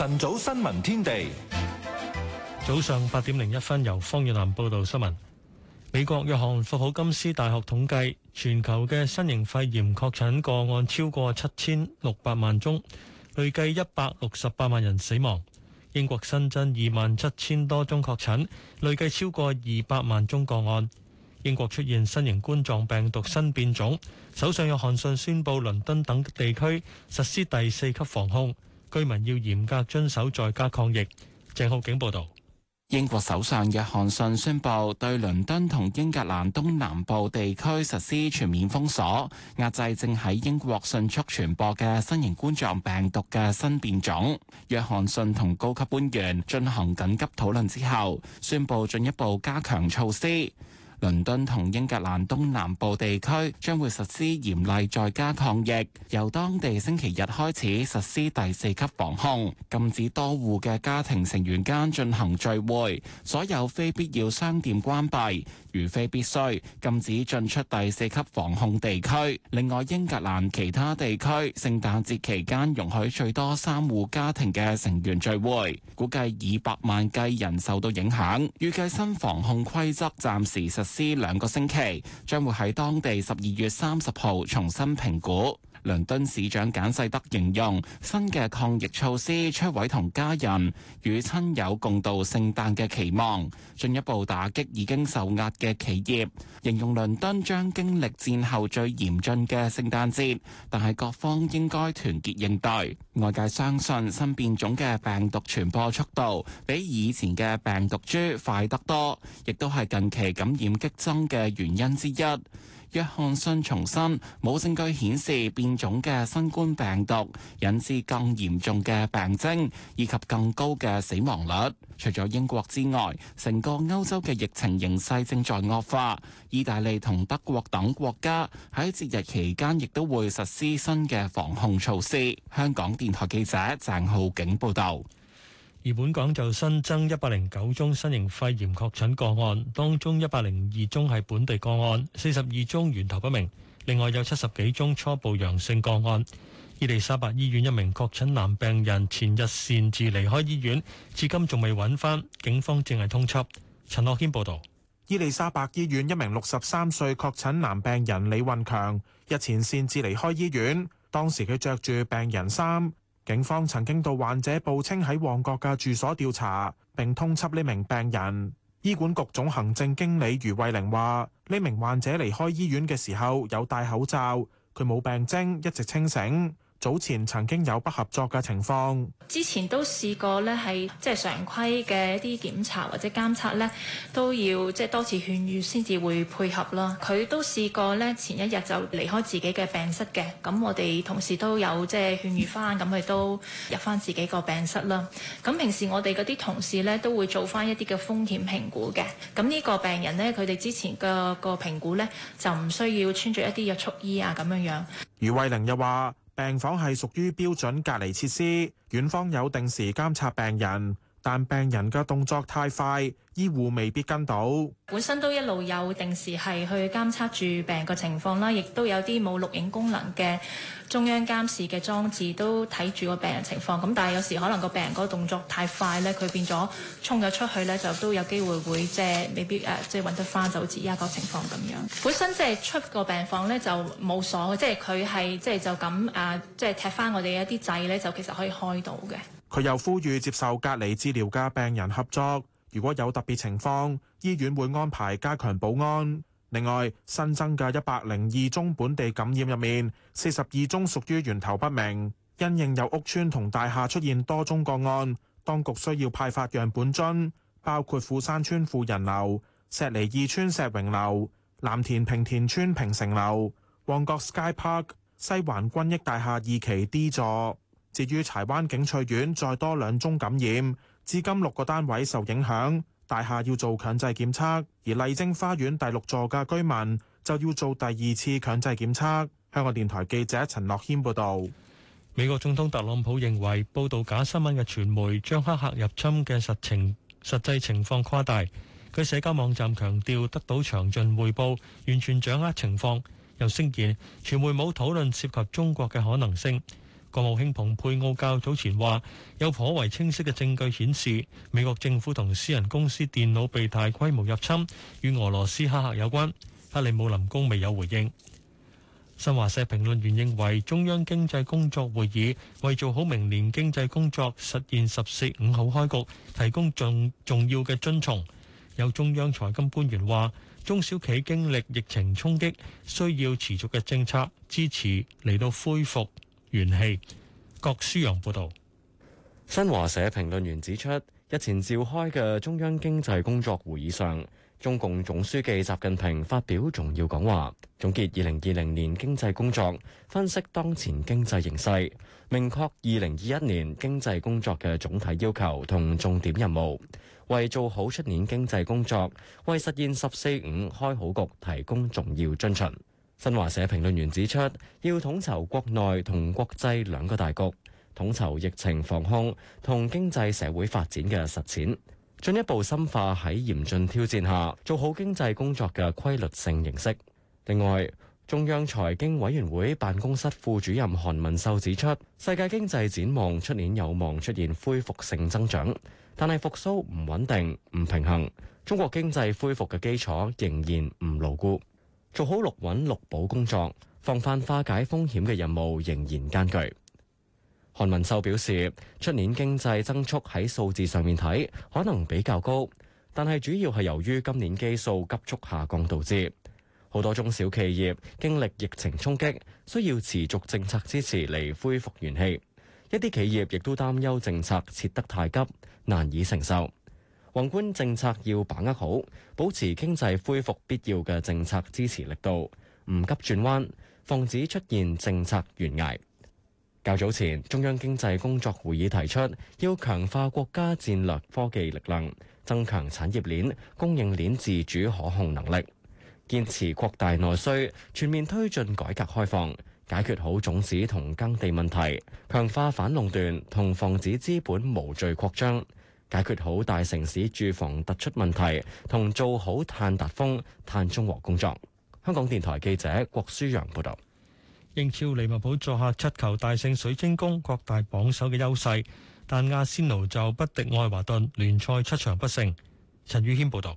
晨早新聞天地，早上八點零一分，由方月南報道新聞。美國約翰霍普金斯大學統計，全球嘅新型肺炎確診個案超過七千六百萬宗，累計一百六十八萬人死亡。英國新增二萬七千多宗確診，累計超過二百萬宗個案。英國出現新型冠狀病毒新變種，首相約翰遜宣布倫敦等地區實施第四級防控。居民要嚴格遵守在家抗疫。鄭浩景報道，英國首相約翰遜宣布對倫敦同英格蘭東南部地區實施全面封鎖，壓制正喺英國迅速傳播嘅新型冠狀病毒嘅新變種。約翰遜同高級官員進行緊急討論之後，宣布進一步加強措施。倫敦同英格蘭東南部地區將會實施嚴厲在家抗疫，由當地星期日開始實施第四級防控，禁止多戶嘅家庭成員間進行聚會，所有非必要商店關閉。如非必須，禁止進出第四級防控地區。另外，英格蘭其他地區聖誕節期間容許最多三戶家庭嘅成員聚會，估計以百萬計人受到影響。預計新防控規則暫時實施兩個星期，將會喺當地十二月三十號重新評估。倫敦市長簡世德形容新嘅抗疫措施出位同家人與親友共度聖誕嘅期望，進一步打擊已經受壓嘅企業。形容倫敦將經歷戰後最嚴峻嘅聖誕節，但係各方應該團結應對。外界相信新變種嘅病毒傳播速度比以前嘅病毒株快得多，亦都係近期感染激增嘅原因之一。約翰遜重申，冇證據顯示變種嘅新冠病毒引致更嚴重嘅病徵以及更高嘅死亡率。除咗英國之外，成個歐洲嘅疫情形勢正在惡化。意大利同德國等國家喺節日期間亦都會實施新嘅防控措施。香港電台記者鄭浩景報道。而本港就新增一百零九宗新型肺炎確診個案，當中一百零二宗係本地個案，四十二宗源頭不明。另外有七十幾宗初步陽性個案。伊麗莎白醫院一名確診男病人前日擅自離開醫院，至今仲未揾翻，警方正係通緝。陳樂謙報道。伊麗莎白醫院一名六十三歲確診男病人李運強日前擅自離開醫院，當時佢着住病人衫。警方曾經到患者報稱喺旺角嘅住所調查，並通緝呢名病人。醫管局總行政經理余慧玲話：呢名患者離開醫院嘅時候有戴口罩，佢冇病徵，一直清醒。早前曾經有不合作嘅情況，之前都試過咧，係即係常規嘅一啲檢查或者監測咧，都要即係多次勸喻先至會配合啦。佢都試過咧，前一日就離開自己嘅病室嘅。咁我哋同事都有即係勸喻翻，咁佢都入翻自己個病室啦。咁平時我哋嗰啲同事咧都會做翻一啲嘅風險評估嘅。咁呢個病人咧，佢哋之前個個評估咧就唔需要穿著一啲約束衣啊，咁樣樣。余慧玲又話。病房係屬於標準隔離設施，院方有定時監察病人。但病人嘅動作太快，醫護未必跟到。本身都一路有定時係去監測住病人嘅情況啦，亦都有啲冇錄影功能嘅中央監視嘅裝置都睇住個病人情況。咁但係有時可能個病人嗰個動作太快咧，佢變咗衝咗出去咧，就都有機會會即係未必誒、啊，即係揾得翻就好似依家個情況咁樣。本身即係出個病房咧就冇鎖嘅，即係佢係即係就咁誒，即係、啊、踢翻我哋一啲掣咧，就其實可以開到嘅。佢又呼籲接受隔離治療嘅病人合作。如果有特別情況，醫院會安排加強保安。另外，新增嘅一百零二宗本地感染入面，四十二宗屬於源頭不明。因應有屋邨同大廈出現多宗個案，當局需要派發樣本樽，包括富山邨富人樓、石梨二邨石榮樓、藍田平田邨平城樓、旺角 Sky Park、西環均益大廈二期 D 座。至於柴灣景翠苑再多兩宗感染，至今六個單位受影響，大廈要做強制檢測，而麗晶花園第六座嘅居民就要做第二次強制檢測。香港電台記者陳樂軒報導。美國總統特朗普認為報道假新聞嘅傳媒將黑客入侵嘅實情實際情況誇大。佢社交網站強調得到詳盡匯報，完全掌握情況。又聲言傳媒冇討論涉及中國嘅可能性。國務卿蓬佩奧較早前話，有頗為清晰嘅證據顯示，美國政府同私人公司電腦被大規模入侵，與俄羅斯黑客有關。克里姆林宮未有回應。新華社評論員認為，中央經濟工作會議為做好明年經濟工作，實現十四五好開局，提供重重要嘅遵從。有中央財金官員話，中小企經歷疫情衝擊，需要持續嘅政策支持嚟到恢復。元氣郭舒揚報導。新華社評論員指出，日前召開嘅中央經濟工作會議上，中共總書記習近平發表重要講話，總結二零二零年經濟工作，分析當前經濟形勢，明確二零二一年經濟工作嘅總體要求同重點任務，為做好出年經濟工作，為實現十四五開好局提供重要遵循。新華社評論員指出，要統籌國內同國際兩個大局，統籌疫情防控同經濟社會發展嘅實踐，進一步深化喺嚴峻挑戰下做好經濟工作嘅規律性認識。另外，中央財經委員會辦公室副主任韓文秀指出，世界經濟展望出年有望出現恢復性增長，但係復甦唔穩定、唔平衡，中國經濟恢復嘅基礎仍然唔牢固。做好六穩六保工作，防範化解風險嘅任務仍然艱巨。韓文秀表示，出年經濟增速喺數字上面睇可能比較高，但係主要係由於今年基數急速下降導致。好多中小企業經歷疫情衝擊，需要持續政策支持嚟恢復元氣，一啲企業亦都擔憂政策切得太急，難以承受。宏觀政策要把握好，保持經濟恢復必要嘅政策支持力度，唔急轉彎，防止出現政策懸崖。較早前，中央經濟工作會議提出，要強化國家戰略科技力量，增強產業鏈、供應鏈自主可控能力，堅持擴大內需，全面推進改革開放，解決好種子同耕地問題，強化反壟斷，同防止資本無序擴張。解決好大城市住房突出問題，同做好碳達峰、碳中和工作。香港電台記者郭舒揚報道。英超利物浦作客七球大勝水晶宮，擴大榜首嘅優勢，但阿仙奴就不敵愛華頓，聯賽出場不勝。陳宇謙報道。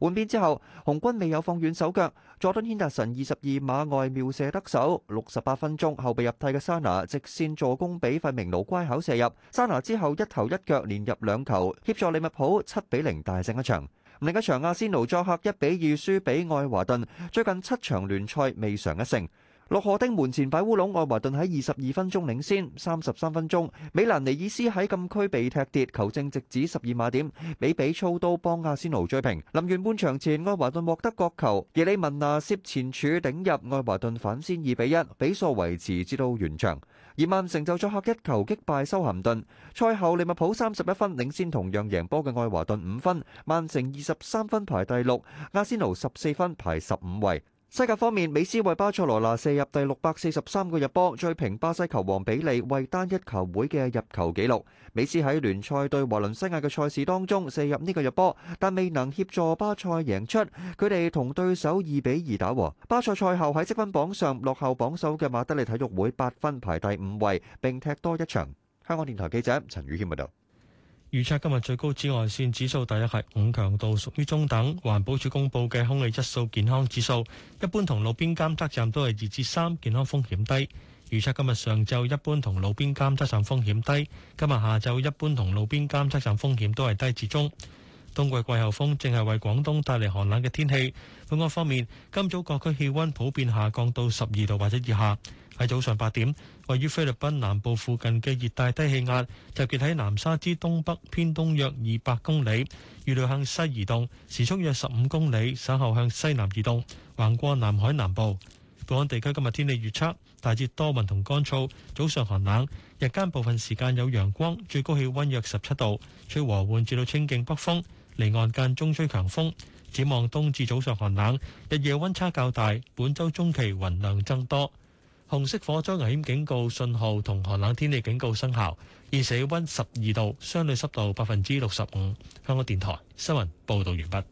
換邊之後，紅軍未有放軟手腳，佐敦軒達臣二十二碼外妙射得手。六十八分鐘後備入替嘅莎拿直線助攻，畀費明奴乖巧射入。莎拿之後一頭一腳連入兩球，協助利物浦七比零大勝一場。另一場阿仙奴作客一比二輸畀愛華頓，最近七場聯賽未嘗一勝。洛荷丁門前擺烏龍，愛華頓喺二十二分鐘領先，三十三分鐘美蘭尼爾斯喺禁區被踢跌，球證直指十二碼點，比比操刀幫阿仙奴追平。臨完半場前，愛華頓獲得角球，耶利文娜涉前柱頂入，愛華頓反先二比一，比數維持至到完場。而曼城就作客一球擊敗修咸頓。賽後利物浦三十一分領先同樣贏波嘅愛華頓五分，曼城二十三分排第六，阿仙奴十四分排十五位。西甲方面，美斯為巴塞羅那射入第六百四十三個入波，追平巴西球王比利為單一球會嘅入球紀錄。美斯喺聯賽對華倫西亞嘅賽事當中射入呢個入波，但未能協助巴塞贏出，佢哋同對手二比二打和。巴塞賽後喺積分榜上落後榜首嘅馬德里體育會八分，排第五位，並踢多一場。香港電台記者陳宇謙報道。預測今日最高紫外線指數大約係五強度，屬於中等。環保署公布嘅空氣質素健康指數，一般同路邊監測站都係二至三，健康風險低。預測今日上晝一般同路邊監測站風險低，今日下晝一般同路邊監測站風險都係低至中。冬季季候風正係為廣東帶嚟寒冷嘅天氣。本港方面，今早各區氣溫普遍下降到十二度或者以下。喺早上八點，位於菲律賓南部附近嘅熱帶低氣壓集結喺南沙之東北偏東約二百公里，預料向西移動，時速約十五公里，稍後向西南移動，橫過南海南部。本港地區今日天氣預測大致多雲同乾燥，早上寒冷，日間部分時間有陽光，最高氣溫約十七度，吹和緩至到清勁北風。離岸間中吹強風，展望冬至早上寒冷，日夜溫差較大。本周中期雲量增多，紅色火災危險警告信號同寒冷天氣警告生效。現時氣溫十二度，相對濕度百分之六十五。香港電台新聞報道完畢。